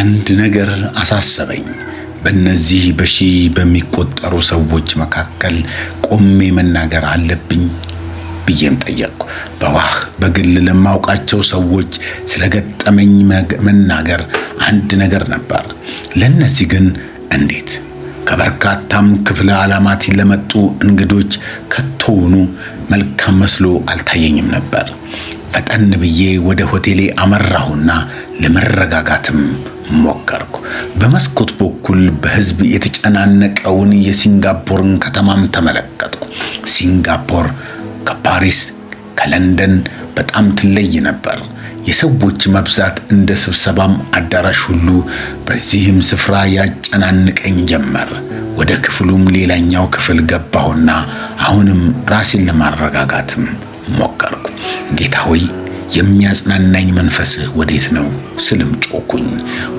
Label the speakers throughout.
Speaker 1: አንድ ነገር አሳሰበኝ። በእነዚህ በሺህ በሚቆጠሩ ሰዎች መካከል ቆሜ መናገር አለብኝ ብዬም ጠየቅኩ። በዋህ በግል ለማውቃቸው ሰዎች ስለገጠመኝ መናገር አንድ ነገር ነበር። ለእነዚህ ግን እንዴት? ከበርካታም ክፍለ ዓላማት ለመጡ እንግዶች ከቶውኑ መልካም መስሎ አልታየኝም ነበር። ፈጠን ብዬ ወደ ሆቴሌ አመራሁና ለመረጋጋትም ሞከርኩ። በመስኮት በኩል በህዝብ የተጨናነቀውን የሲንጋፖርን ከተማም ተመለከትኩ። ሲንጋፖር ከፓሪስ ከለንደን በጣም ትለይ ነበር። የሰዎች መብዛት እንደ ስብሰባም አዳራሽ ሁሉ በዚህም ስፍራ ያጨናንቀኝ ጀመር። ወደ ክፍሉም ሌላኛው ክፍል ገባሁና አሁንም ራሴን ለማረጋጋትም ሞከርኩ። ጌታ ሆይ የሚያጽናናኝ መንፈስህ ወዴት ነው ስልም ጮኩኝ።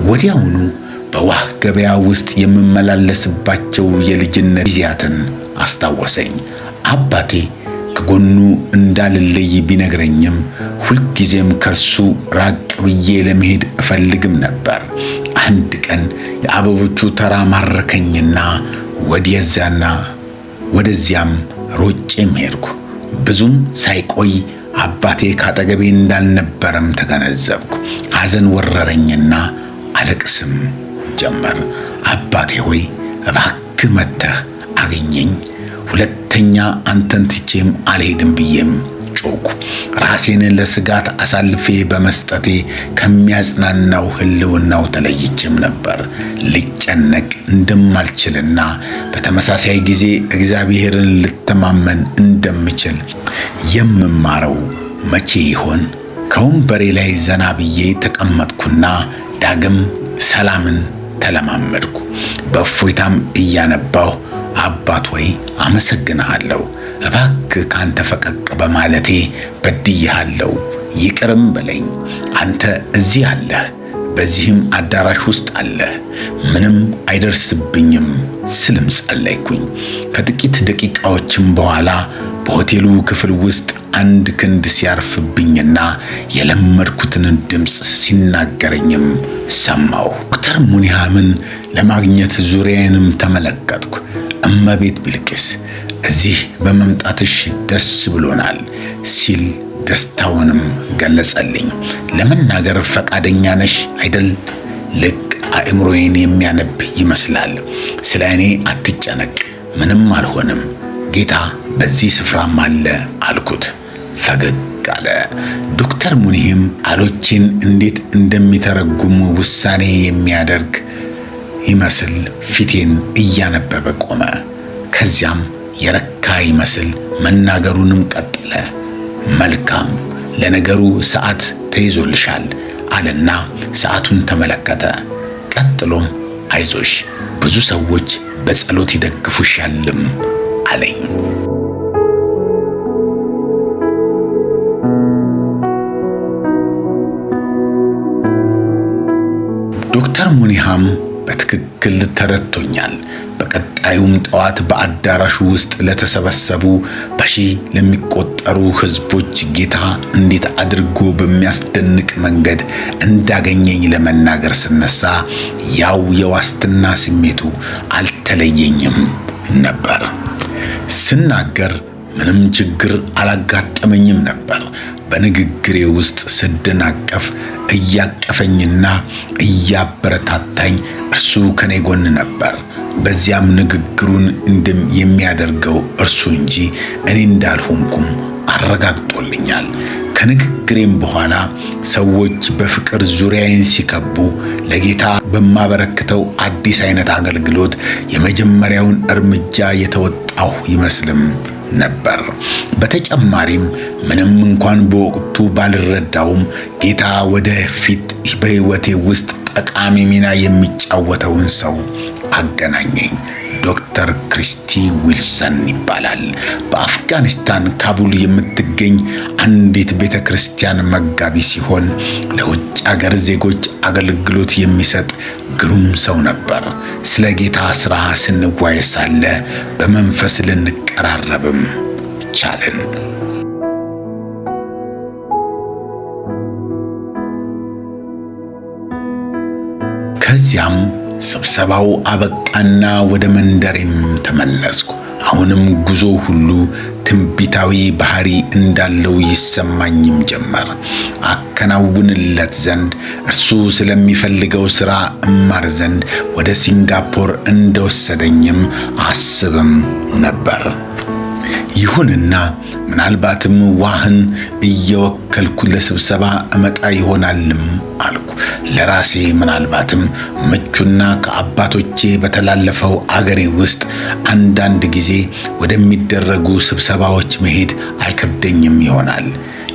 Speaker 1: ወዲያውኑ በዋህ ገበያ ውስጥ የምመላለስባቸው የልጅነት ጊዜያትን አስታወሰኝ። አባቴ ከጎኑ እንዳልለይ ቢነግረኝም ሁልጊዜም ከሱ ራቅ ብዬ ለመሄድ እፈልግም ነበር። አንድ ቀን የአበቦቹ ተራ ማረከኝና ወደዚያና ወደዚያም ሮጬም ሄድኩ። ብዙም ሳይቆይ አባቴ ካጠገቤ እንዳልነበረም ተገነዘብኩ። ሐዘን ወረረኝና አለቅስም ጀመር። አባቴ ሆይ እባክህ መጥተህ አገኘኝ ሁለተኛ አንተን ትቼም አልሄድም ብዬም ጮኩ። ራሴንን ለስጋት አሳልፌ በመስጠቴ ከሚያጽናናው ህልውናው ተለይቼም ነበር። ልጨነቅ እንደማልችልና በተመሳሳይ ጊዜ እግዚአብሔርን ልተማመን እንደምችል የምማረው መቼ ይሆን? ከወንበሬ ላይ ዘና ብዬ ተቀመጥኩና ዳግም ሰላምን ተለማመድኩ። በእፎይታም እያነባሁ አባት ወይ አመሰግንሃለሁ። እባክህ ካንተ ፈቀቅ በማለቴ በድያሃለሁ፣ ይቅርም በለኝ። አንተ እዚህ አለህ፣ በዚህም አዳራሽ ውስጥ አለህ፣ ምንም አይደርስብኝም ስልም ጸለይኩኝ። ከጥቂት ደቂቃዎችም በኋላ በሆቴሉ ክፍል ውስጥ አንድ ክንድ ሲያርፍብኝና የለመድኩትን ድምፅ ሲናገረኝም ሰማሁ። ዶክተር ሙኒሃምን ለማግኘት ዙሪያዬንም ተመለከትኩ። እመቤት ብልቅስ እዚህ በመምጣትሽ ደስ ብሎናል ሲል ደስታውንም ገለጸልኝ። ለመናገር ፈቃደኛ ነሽ አይደል? ልክ አእምሮዬን የሚያነብ ይመስላል። ስለ እኔ አትጨነቅ፣ ምንም አልሆንም፣ ጌታ በዚህ ስፍራም አለ አልኩት። ፈገግ አለ። ዶክተር ሙኒህም ቃሎቼን እንዴት እንደሚተረጉሙ ውሳኔ የሚያደርግ ይመስል ፊቴን እያነበበ ቆመ። ከዚያም የረካ ይመስል መናገሩንም ቀጠለ። መልካም ለነገሩ ሰዓት ተይዞልሻል አለና ሰዓቱን ተመለከተ። ቀጥሎም አይዞሽ ብዙ ሰዎች በጸሎት ይደግፉሻልም አለኝ። ዶክተር ሙኒሃም በትክክል ተረድቶኛል። በቀጣዩም ጠዋት በአዳራሹ ውስጥ ለተሰበሰቡ በሺህ ለሚቆጠሩ ሕዝቦች ጌታ እንዴት አድርጎ በሚያስደንቅ መንገድ እንዳገኘኝ ለመናገር ስነሳ ያው የዋስትና ስሜቱ አልተለየኝም ነበር። ስናገር ምንም ችግር አላጋጠመኝም ነበር። በንግግሬ ውስጥ ስደናቀፍ እያቀፈኝና እያበረታታኝ እርሱ ከኔ ጎን ነበር። በዚያም ንግግሩን እንድም የሚያደርገው እርሱ እንጂ እኔ እንዳልሆንኩም አረጋግጦልኛል። ከንግግሬም በኋላ ሰዎች በፍቅር ዙሪያዬን ሲከቡ ለጌታ በማበረክተው አዲስ አይነት አገልግሎት የመጀመሪያውን እርምጃ የተወጣሁ ይመስልም ነበር። በተጨማሪም ምንም እንኳን በወቅቱ ባልረዳውም ጌታ ወደፊት በሕይወቴ ውስጥ ጠቃሚ ሚና የሚጫወተውን ሰው አገናኘኝ። ዶክተር ክሪስቲ ዊልሰን ይባላል። በአፍጋኒስታን ካቡል የምትገኝ አንዲት ቤተ ክርስቲያን መጋቢ ሲሆን ለውጭ አገር ዜጎች አገልግሎት የሚሰጥ ግሩም ሰው ነበር። ስለ ጌታ ሥራ ስንጓየ ሳለ በመንፈስ ልንቀራረብም ቻልን። ከዚያም ስብሰባው አበቃና ወደ መንደሬም ተመለስኩ። አሁንም ጉዞ ሁሉ ትንቢታዊ ባህሪ እንዳለው ይሰማኝም ጀመር። አከናውንለት ዘንድ እርሱ ስለሚፈልገው ሥራ እማር ዘንድ ወደ ሲንጋፖር እንደወሰደኝም አስብም ነበር። ይሁንና ምናልባትም ዋህን እየወከልኩ ለስብሰባ እመጣ ይሆናልም አልኩ። ለራሴ ምናልባትም ምቹና ከአባቶቼ በተላለፈው አገሬ ውስጥ አንዳንድ ጊዜ ወደሚደረጉ ስብሰባዎች መሄድ አይከብደኝም ይሆናል።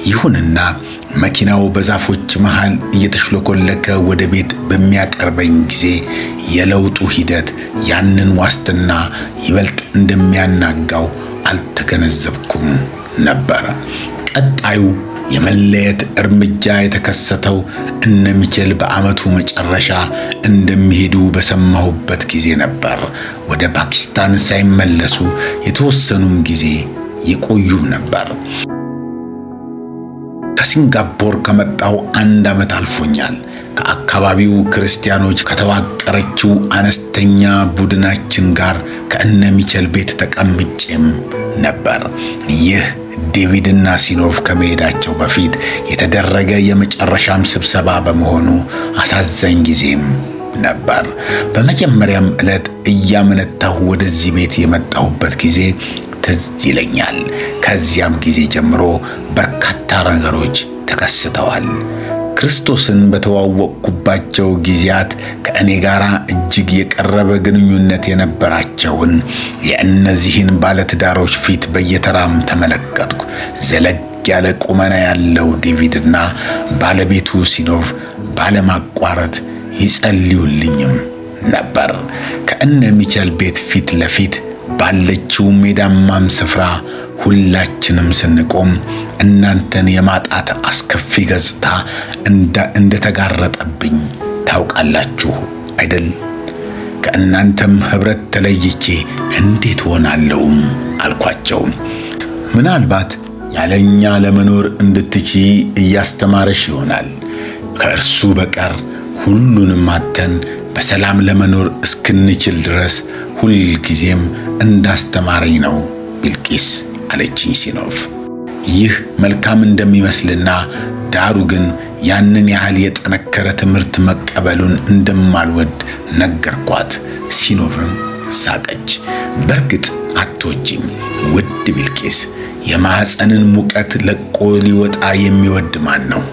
Speaker 1: ይሁንና መኪናው በዛፎች መሃል እየተሽለኮለከ ወደ ቤት በሚያቀርበኝ ጊዜ የለውጡ ሂደት ያንን ዋስትና ይበልጥ እንደሚያናጋው አልተገነዘብኩም ነበር። ቀጣዩ የመለየት እርምጃ የተከሰተው እነ ሚቼል በዓመቱ መጨረሻ እንደሚሄዱ በሰማሁበት ጊዜ ነበር። ወደ ፓኪስታን ሳይመለሱ የተወሰኑም ጊዜ የቆዩም ነበር። ከሲንጋፖር ከመጣው አንድ ዓመት አልፎኛል። ከአካባቢው ክርስቲያኖች ከተዋቀረችው አነስተኛ ቡድናችን ጋር ከእነ ሚቸል ቤት ተቀምጬም ነበር። ይህ ዴቪድና ሲኖቭ ከመሄዳቸው በፊት የተደረገ የመጨረሻም ስብሰባ በመሆኑ አሳዛኝ ጊዜም ነበር። በመጀመሪያም ዕለት እያመነታሁ ወደዚህ ቤት የመጣሁበት ጊዜ ትዝ ይለኛል። ከዚያም ጊዜ ጀምሮ በርካታ ነገሮች ተከስተዋል። ክርስቶስን በተዋወቅኩባቸው ጊዜያት ከእኔ ጋር እጅግ የቀረበ ግንኙነት የነበራቸውን የእነዚህን ባለትዳሮች ፊት በየተራም ተመለከትኩ። ዘለግ ያለ ቁመና ያለው ዴቪድና ባለቤቱ ሲኖቭ ባለማቋረጥ ይጸልዩልኝም ነበር። ከእነ ሚቸል ቤት ፊት ለፊት ባለችው ሜዳማም ስፍራ ሁላችንም ስንቆም እናንተን የማጣት አስከፊ ገጽታ እንደተጋረጠብኝ ታውቃላችሁ አይደል? ከእናንተም ኅብረት ተለይቼ እንዴት ሆናለሁም አልኳቸው። ምናልባት ያለኛ ለመኖር እንድትቺ እያስተማረሽ ይሆናል። ከእርሱ በቀር ሁሉንም አተን በሰላም ለመኖር እስክንችል ድረስ ሁልጊዜም እንዳስተማረኝ ነው ቢልቂስ አለችኝ ሲኖፍ። ይህ መልካም እንደሚመስልና ዳሩ ግን ያንን ያህል የጠነከረ ትምህርት መቀበሉን እንደማልወድ ነገርኳት። ሲኖቭም ሳቀች። በእርግጥ አትወጂም ውድ ቢልቂስ፣ የማኅፀንን ሙቀት ለቆ ሊወጣ የሚወድ ማን ነው?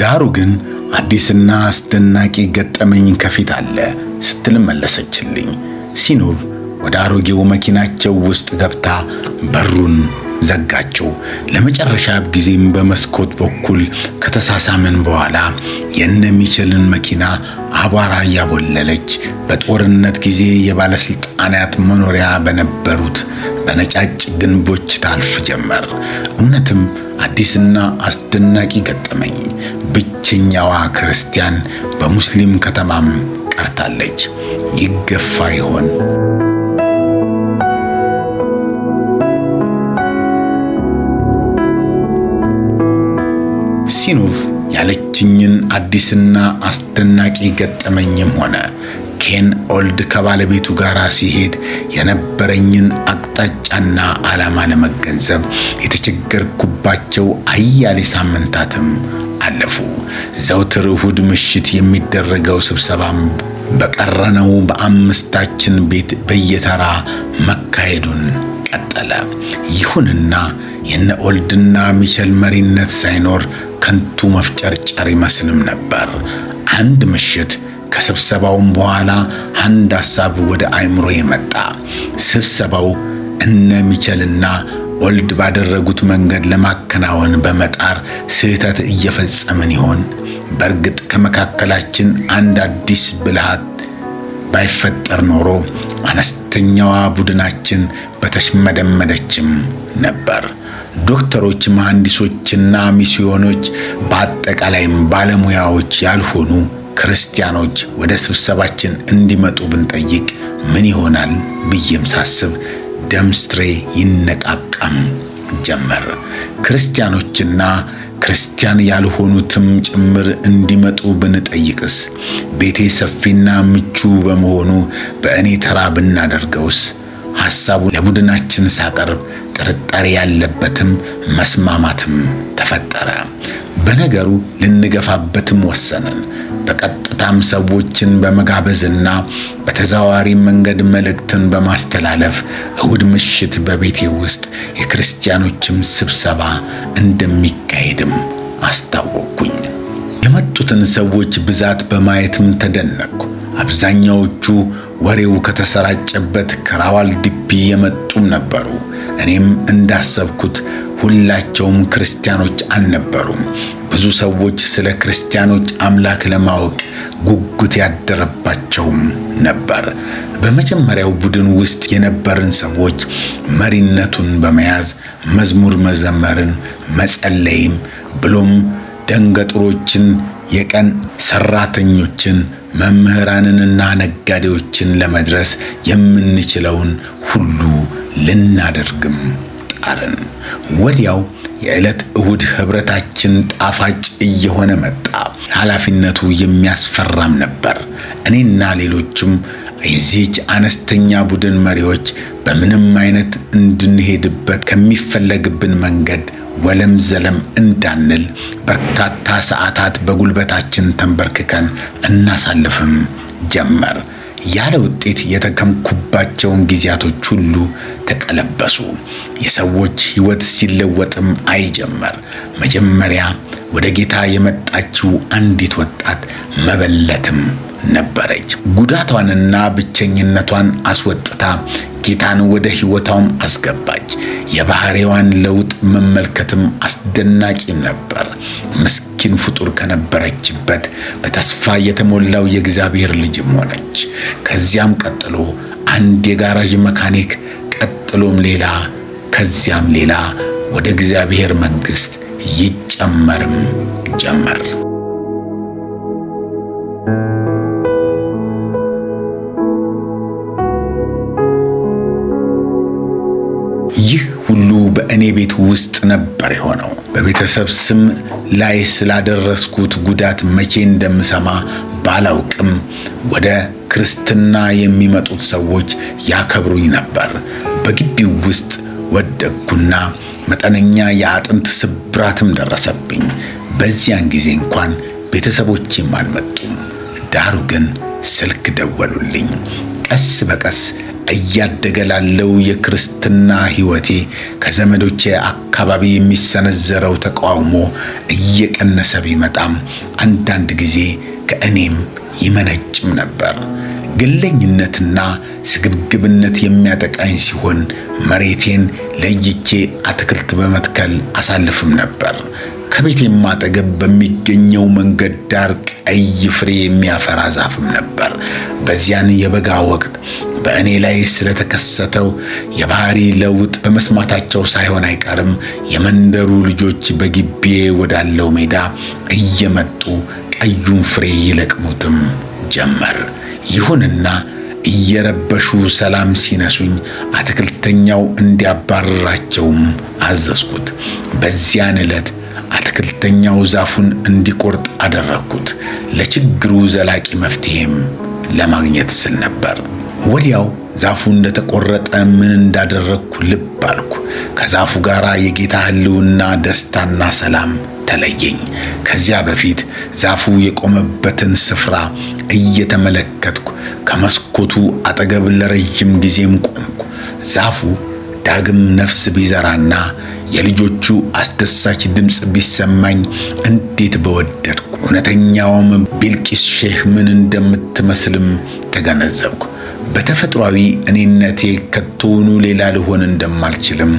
Speaker 1: ዳሩ ግን አዲስና አስደናቂ ገጠመኝ ከፊት አለ ስትልመለሰችልኝ መለሰችልኝ። ሲኖብ ወደ አሮጌው መኪናቸው ውስጥ ገብታ በሩን ዘጋቸው። ለመጨረሻ ጊዜም በመስኮት በኩል ከተሳሳምን በኋላ የነሚችልን መኪና አቧራ እያቦለለች በጦርነት ጊዜ የባለስልጣናት መኖሪያ በነበሩት በነጫጭ ግንቦች ታልፍ ጀመር። እውነትም አዲስና አስደናቂ ገጠመኝ። ብቸኛዋ ክርስቲያን በሙስሊም ከተማም ቀርታለች። ይገፋ ይሆን? ሲኑቭ ያለችኝን አዲስና አስደናቂ ገጠመኝም ሆነ ኬን ኦልድ ከባለቤቱ ጋር ሲሄድ የነበረኝን አቅጣጫና ዓላማ ለመገንዘብ የተቸገርኩባቸው አያሌ ሳምንታትም አለፉ። ዘውትር እሁድ ምሽት የሚደረገው ስብሰባም በቀረነው በአምስታችን ቤት በየተራ መካሄዱን ቀጠለ። ይሁንና የነ ኦልድና ሚቸል መሪነት ሳይኖር ከንቱ መፍጨርጨር ይመስልም ነበር። አንድ ምሽት ከስብሰባውም በኋላ አንድ ሐሳብ ወደ አእምሮ የመጣ ስብሰባው እነ ሚቸልና ወልድ ባደረጉት መንገድ ለማከናወን በመጣር ስህተት እየፈጸምን ይሆን? በእርግጥ ከመካከላችን አንድ አዲስ ብልሃት ባይፈጠር ኖሮ አነስተኛዋ ቡድናችን በተሽመደመደችም ነበር። ዶክተሮች፣ መሐንዲሶችና ሚስዮኖች በአጠቃላይም ባለሙያዎች ያልሆኑ ክርስቲያኖች ወደ ስብሰባችን እንዲመጡ ብንጠይቅ ምን ይሆናል ብዬም ሳስብ ደምስሬ ይነቃቃም ጀመር። ክርስቲያኖችና ክርስቲያን ያልሆኑትም ጭምር እንዲመጡ ብንጠይቅስ? ቤቴ ሰፊና ምቹ በመሆኑ በእኔ ተራ ብናደርገውስ? ሐሳቡ ለቡድናችን ሳቀርብ ጥርጣሬ ያለበትም መስማማትም ተፈጠረ። በነገሩ ልንገፋበትም ወሰንን። በቀጥታም ሰዎችን በመጋበዝና በተዘዋዋሪ መንገድ መልእክትን በማስተላለፍ እሁድ ምሽት በቤቴ ውስጥ የክርስቲያኖችም ስብሰባ እንደሚካሄድም አስታወቅኩኝ። የመጡትን ሰዎች ብዛት በማየትም ተደነቅኩ። አብዛኛዎቹ ወሬው ከተሰራጨበት ከራዋል ድቢ የመጡም ነበሩ። እኔም እንዳሰብኩት ሁላቸውም ክርስቲያኖች አልነበሩም። ብዙ ሰዎች ስለ ክርስቲያኖች አምላክ ለማወቅ ጉጉት ያደረባቸውም ነበር። በመጀመሪያው ቡድን ውስጥ የነበርን ሰዎች መሪነቱን በመያዝ መዝሙር መዘመርን፣ መጸለይም ብሎም ደንገጥሮችን የቀን ሰራተኞችን መምህራንንና ነጋዴዎችን ለመድረስ የምንችለውን ሁሉ ልናደርግም ጣርን። ወዲያው የዕለት እሁድ ኅብረታችን ጣፋጭ እየሆነ መጣ። ኃላፊነቱ የሚያስፈራም ነበር። እኔና ሌሎችም የዚህች አነስተኛ ቡድን መሪዎች በምንም አይነት እንድንሄድበት ከሚፈለግብን መንገድ ወለም ዘለም እንዳንል በርካታ ሰዓታት በጉልበታችን ተንበርክከን እናሳልፍም ጀመር። ያለ ውጤት የተከምኩባቸውን ጊዜያቶች ሁሉ ተቀለበሱ። የሰዎች ሕይወት ሲለወጥም አይጀመር። መጀመሪያ ወደ ጌታ የመጣችው አንዲት ወጣት መበለትም ነበረች። ጉዳቷንና ብቸኝነቷን አስወጥታ ጌታን ወደ ሕይወቷም አስገባች። የባህሪዋን ለውጥ መመልከትም አስደናቂ ነበር። ምስኪን ፍጡር ከነበረችበት በተስፋ የተሞላው የእግዚአብሔር ልጅም ሆነች። ከዚያም ቀጥሎ አንድ የጋራዥ መካኒክ፣ ቀጥሎም ሌላ ከዚያም ሌላ ወደ እግዚአብሔር መንግሥት ይጨመርም ጀመር። ይህ ሁሉ በእኔ ቤት ውስጥ ነበር የሆነው። በቤተሰብ ስም ላይ ስላደረስኩት ጉዳት መቼ እንደምሰማ ባላውቅም ወደ ክርስትና የሚመጡት ሰዎች ያከብሩኝ ነበር። በግቢው ውስጥ ወደግኩና መጠነኛ የአጥንት ስብራትም ደረሰብኝ። በዚያን ጊዜ እንኳን ቤተሰቦቼም አልመጡም። ዳሩ ግን ስልክ ደወሉልኝ። ቀስ በቀስ እያደገ ላለው የክርስትና ሕይወቴ ከዘመዶቼ አካባቢ የሚሰነዘረው ተቃውሞ እየቀነሰ ቢመጣም አንዳንድ ጊዜ ከእኔም ይመነጭም ነበር። ግለኝነትና ስግብግብነት የሚያጠቃኝ ሲሆን መሬቴን ለይቼ አትክልት በመትከል አሳልፍም ነበር። ከቤቴ አጠገብ በሚገኘው መንገድ ዳር ቀይ ፍሬ የሚያፈራ ዛፍም ነበር። በዚያን የበጋ ወቅት በእኔ ላይ ስለተከሰተው የባህሪ ለውጥ በመስማታቸው ሳይሆን አይቀርም የመንደሩ ልጆች በግቢዬ ወዳለው ሜዳ እየመጡ ቀዩን ፍሬ ይለቅሙትም ጀመር። ይሁንና እየረበሹ ሰላም ሲነሱኝ አትክልተኛው እንዲያባርራቸውም አዘዝኩት። በዚያን ዕለት አትክልተኛው ዛፉን እንዲቆርጥ አደረግኩት። ለችግሩ ዘላቂ መፍትሔም ለማግኘት ስል ነበር። ወዲያው ዛፉ እንደተቆረጠ ምን እንዳደረግኩ ልብ አልኩ። ከዛፉ ጋር የጌታ ሕልውና ደስታና ሰላም ተለየኝ። ከዚያ በፊት ዛፉ የቆመበትን ስፍራ እየተመለከትኩ ከመስኮቱ አጠገብ ለረጅም ጊዜም ቆምኩ። ዛፉ ዳግም ነፍስ ቢዘራና የልጆቹ አስደሳች ድምፅ ቢሰማኝ እንዴት በወደድኩ። እውነተኛውም ቢልቂስ ሼህ ምን እንደምትመስልም ተገነዘብኩ። በተፈጥሯዊ እኔነቴ ከቶውኑ ሌላ ልሆን እንደማልችልም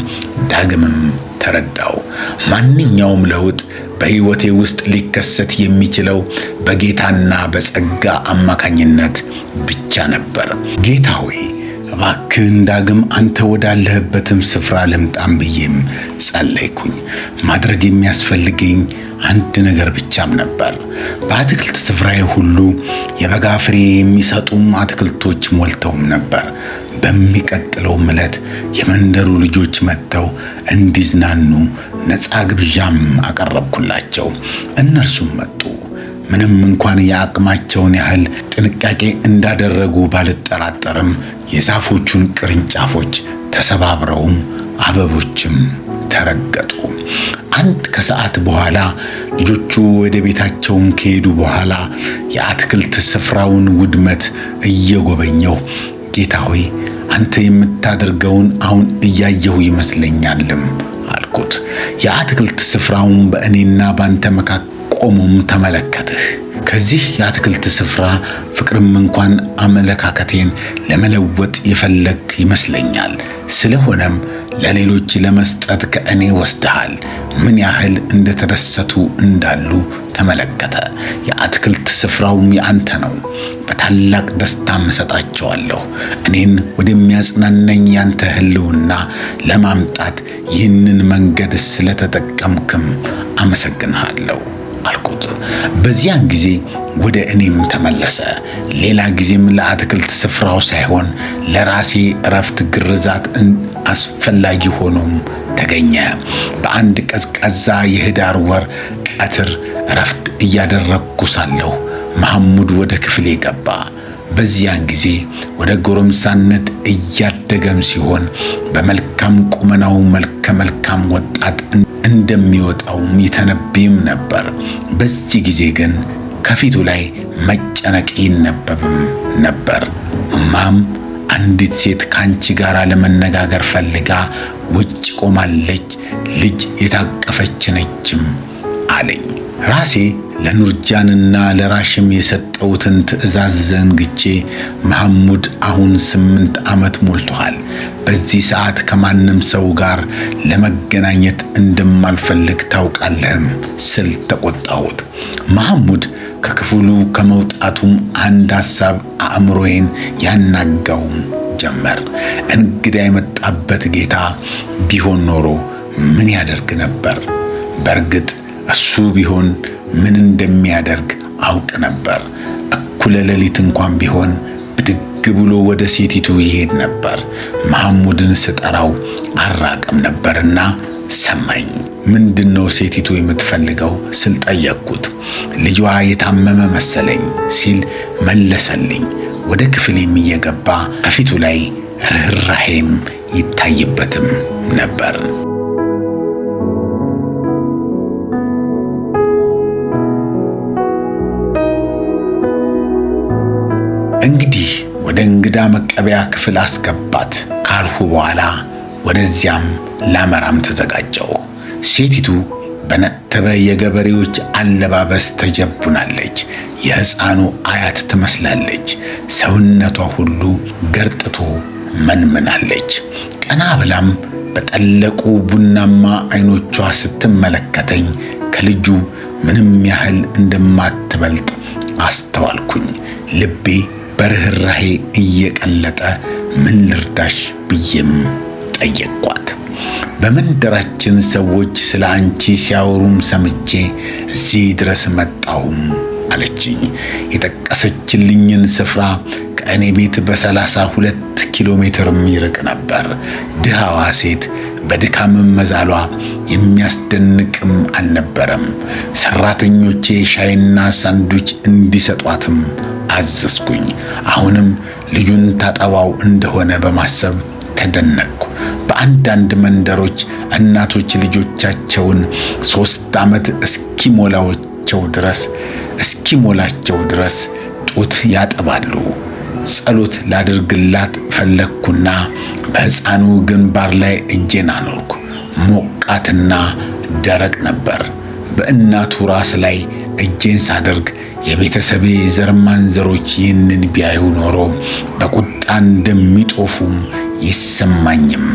Speaker 1: ዳግምም ተረዳው። ማንኛውም ለውጥ በሕይወቴ ውስጥ ሊከሰት የሚችለው በጌታና በጸጋ አማካኝነት ብቻ ነበር። ጌታ ሆይ እባክህን ዳግም አንተ ወዳለህበትም ስፍራ ልምጣም ብዬም ጸለይኩኝ። ማድረግ የሚያስፈልገኝ አንድ ነገር ብቻም ነበር። በአትክልት ስፍራዬ ሁሉ የበጋ ፍሬ የሚሰጡም አትክልቶች ሞልተውም ነበር። በሚቀጥለው ዕለት የመንደሩ ልጆች መጥተው እንዲዝናኑ ነፃ ግብዣም አቀረብኩላቸው። እነርሱም መጡ። ምንም እንኳን የአቅማቸውን ያህል ጥንቃቄ እንዳደረጉ ባልጠራጠርም የዛፎቹን ቅርንጫፎች ተሰባብረውም አበቦችም ተረገጡ። አንድ ከሰዓት በኋላ ልጆቹ ወደ ቤታቸውም ከሄዱ በኋላ የአትክልት ስፍራውን ውድመት እየጎበኘው ጌታ ሆይ አንተ የምታደርገውን አሁን እያየሁ ይመስለኛልም አልኩት። የአትክልት ስፍራውን በእኔና ባንተ መካከል ቆሞም ተመለከትህ። ከዚህ የአትክልት ስፍራ ፍቅርም እንኳን አመለካከቴን ለመለወጥ የፈለግ ይመስለኛል። ስለሆነም ለሌሎች ለመስጠት ከእኔ ወስደሃል። ምን ያህል እንደተደሰቱ እንዳሉ ተመለከተ። የአትክልት ስፍራውም የአንተ ነው። በታላቅ ደስታም እሰጣቸዋለሁ። እኔን ወደሚያጽናናኝ ያንተ ሕልውና ለማምጣት ይህንን መንገድ ስለተጠቀምክም አመሰግንሃለሁ። አልኩት። በዚያን ጊዜ ወደ እኔም ተመለሰ። ሌላ ጊዜም ለአትክልት ስፍራው ሳይሆን ለራሴ እረፍት ግርዛት አስፈላጊ ሆኖም ተገኘ። በአንድ ቀዝቃዛ የህዳር ወር ቀትር እረፍት እያደረግኩ ሳለሁ መሐሙድ ወደ ክፍሌ ገባ። በዚያን ጊዜ ወደ ጎረምሳነት እያደገም ሲሆን በመልካም ቁመናው መልከ መልካም ወጣት እንደሚወጣውም ይተነብይም ነበር። በዚህ ጊዜ ግን ከፊቱ ላይ መጨነቅ ይነበብም ነበር። ማም አንዲት ሴት ከአንቺ ጋር ለመነጋገር ፈልጋ ውጭ ቆማለች፣ ልጅ የታቀፈች ነችም አለኝ ራሴ ለኑርጃንና ለራሽም የሰጠውትን ትእዛዝ ዘንግቼ መሐሙድ አሁን ስምንት ዓመት ሞልቶሃል። በዚህ ሰዓት ከማንም ሰው ጋር ለመገናኘት እንደማልፈልግ ታውቃለህም ስል ተቆጣሁት። መሐሙድ ከክፍሉ ከመውጣቱም አንድ ሐሳብ አእምሮዬን ያናጋውም ጀመር። እንግዳ የመጣበት ጌታ ቢሆን ኖሮ ምን ያደርግ ነበር? በእርግጥ እሱ ቢሆን ምን እንደሚያደርግ አውቅ ነበር። እኩለ ሌሊት እንኳን ቢሆን ብድግ ብሎ ወደ ሴቲቱ ይሄድ ነበር። መሐሙድን ስጠራው አራቅም ነበርና ሰማኝ። ምንድን ነው ሴቲቱ የምትፈልገው ስል ጠየቅኩት። ልጇ የታመመ መሰለኝ ሲል መለሰልኝ። ወደ ክፍል የሚየገባ ከፊቱ ላይ ርኅራሄም ይታይበትም ነበር። እንግዲህ ወደ እንግዳ መቀበያ ክፍል አስገባት ካልሁ በኋላ ወደዚያም ላመራም ተዘጋጀው። ሴቲቱ በነተበ የገበሬዎች አለባበስ ተጀቡናለች። የሕፃኑ አያት ትመስላለች። ሰውነቷ ሁሉ ገርጥቶ መንምናለች። ቀና ብላም በጠለቁ ቡናማ አይኖቿ ስትመለከተኝ ከልጁ ምንም ያህል እንደማትበልጥ አስተዋልኩኝ። ልቤ በርህራሄ እየቀለጠ ምን ልርዳሽ ብዬም ጠየቅኳት። በመንደራችን ሰዎች ስለ አንቺ ሲያወሩም ሰምቼ እዚህ ድረስ መጣሁም አለችኝ። የጠቀሰችልኝን ስፍራ ከእኔ ቤት በሰላሳ ሁለት ኪሎ ሜትር የሚርቅ ነበር። ድሃዋ ሴት በድካምም መዛሏ የሚያስደንቅም አልነበረም። ሰራተኞቼ ሻይና ሳንዱች እንዲሰጧትም አዘዝኩኝ። አሁንም ልጁን ታጠባው እንደሆነ በማሰብ ተደነቅኩ። በአንዳንድ መንደሮች እናቶች ልጆቻቸውን ሦስት ዓመት እስኪሞላቸው ድረስ እስኪሞላቸው ድረስ ጡት ያጠባሉ። ጸሎት ላድርግላት ፈለግኩና በሕፃኑ ግንባር ላይ እጄን አኖርኩ። ሞቃትና ደረቅ ነበር። በእናቱ ራስ ላይ እጄን ሳደርግ የቤተሰቤ ዘርማንዘሮች ይህንን ቢያዩ ኖሮ በቁጣ እንደሚጦፉም ይሰማኝም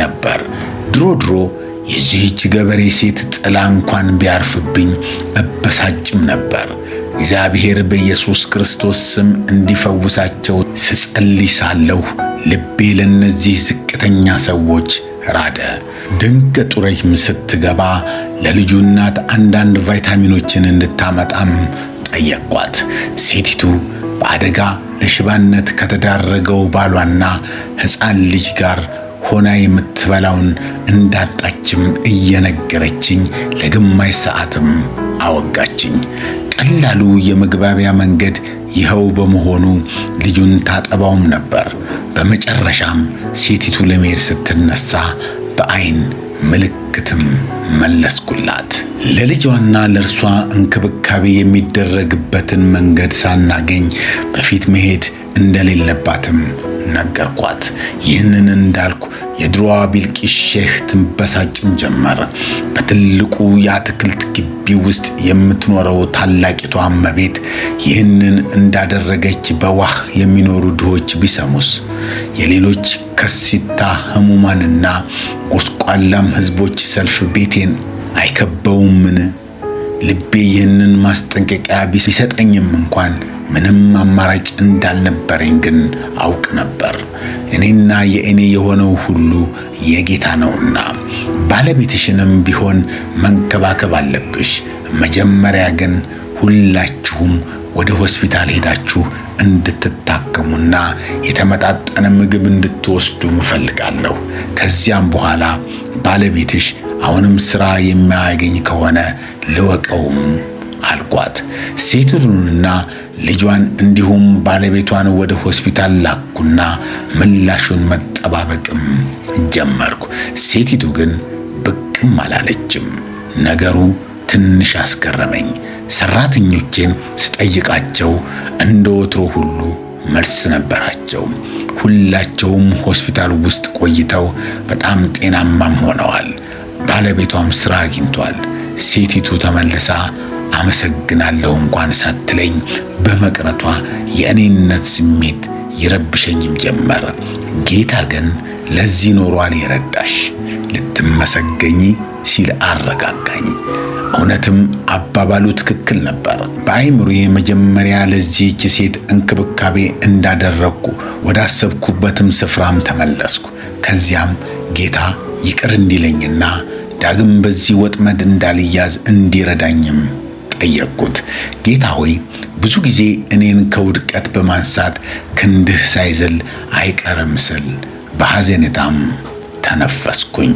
Speaker 1: ነበር። ድሮ ድሮ የዚህች ገበሬ ሴት ጥላ እንኳን ቢያርፍብኝ እበሳጭም ነበር። እግዚአብሔር በኢየሱስ ክርስቶስ ስም እንዲፈውሳቸው ስጸልይ ሳለሁ ልቤ ለእነዚህ ዝቅተኛ ሰዎች ራደ። ድንቅ ጡረኝም ስትገባ ለልጁ እናት አንዳንድ ቫይታሚኖችን እንድታመጣም ጠየቋት። ሴቲቱ በአደጋ ለሽባነት ከተዳረገው ባሏና ሕፃን ልጅ ጋር ሆና የምትበላውን እንዳጣችም እየነገረችኝ ለግማሽ ሰዓትም አወጋችኝ። ቀላሉ የመግባቢያ መንገድ ይኸው በመሆኑ ልጁን ታጠባውም ነበር። በመጨረሻም ሴቲቱ ለመሄድ ስትነሳ በአይን ምልክትም መለስኩላት። ለልጇና ለእርሷ እንክብካቤ የሚደረግበትን መንገድ ሳናገኝ በፊት መሄድ እንደሌለባትም ነገርኳት። ይህንን እንዳልኩ የድሮዋ ቢልቂስ ሼህ ትንበሳጭን ጀመር። በትልቁ የአትክልት ግቢ ውስጥ የምትኖረው ታላቂቷ እመቤት ይህንን እንዳደረገች በዋህ የሚኖሩ ድሆች ቢሰሙስ? የሌሎች ከሲታ ህሙማንና ጎስቋላም ህዝቦች ሰልፍ ቤቴን አይከበውምን? ልቤ ይህንን ማስጠንቀቂያ ቢሰጠኝም እንኳን ምንም አማራጭ እንዳልነበረኝ ግን አውቅ ነበር። እኔና የእኔ የሆነው ሁሉ የጌታ ነውና ባለቤትሽንም ቢሆን መንከባከብ አለብሽ። መጀመሪያ ግን ሁላችሁም ወደ ሆስፒታል ሄዳችሁ እንድትታከሙና የተመጣጠነ ምግብ እንድትወስዱ እፈልጋለሁ። ከዚያም በኋላ ባለቤትሽ አሁንም ሥራ የሚያገኝ ከሆነ ልወቀውም አልኳት። ሴቱንና ልጇን እንዲሁም ባለቤቷን ወደ ሆስፒታል ላኩና ምላሹን መጠባበቅም ጀመርኩ። ሴቲቱ ግን ብቅም አላለችም። ነገሩ ትንሽ አስገረመኝ። ሰራተኞቼን ስጠይቃቸው እንደ ወትሮ ሁሉ መልስ ነበራቸው። ሁላቸውም ሆስፒታል ውስጥ ቆይተው በጣም ጤናማም ሆነዋል። ባለቤቷም ስራ አግኝቷል። ሴቲቱ ተመልሳ አመሰግናለሁ እንኳን ሳትለኝ በመቅረቷ የእኔነት ስሜት ይረብሸኝም ጀመረ። ጌታ ግን ለዚህ ኖሯል የረዳሽ ልትመሰገኝ ሲል አረጋጋኝ። እውነትም አባባሉ ትክክል ነበር። በአይምሮዬ መጀመሪያ ለዚህች ሴት እንክብካቤ እንዳደረግኩ ወዳሰብኩበትም ስፍራም ተመለስኩ። ከዚያም ጌታ ይቅር እንዲለኝና ዳግም በዚህ ወጥመድ እንዳልያዝ እንዲረዳኝም ጠየቅኩት። ጌታ ሆይ ብዙ ጊዜ እኔን ከውድቀት በማንሳት ክንድህ ሳይዘል አይቀርም ስል በሐዘኔታም ተነፈስኩኝ።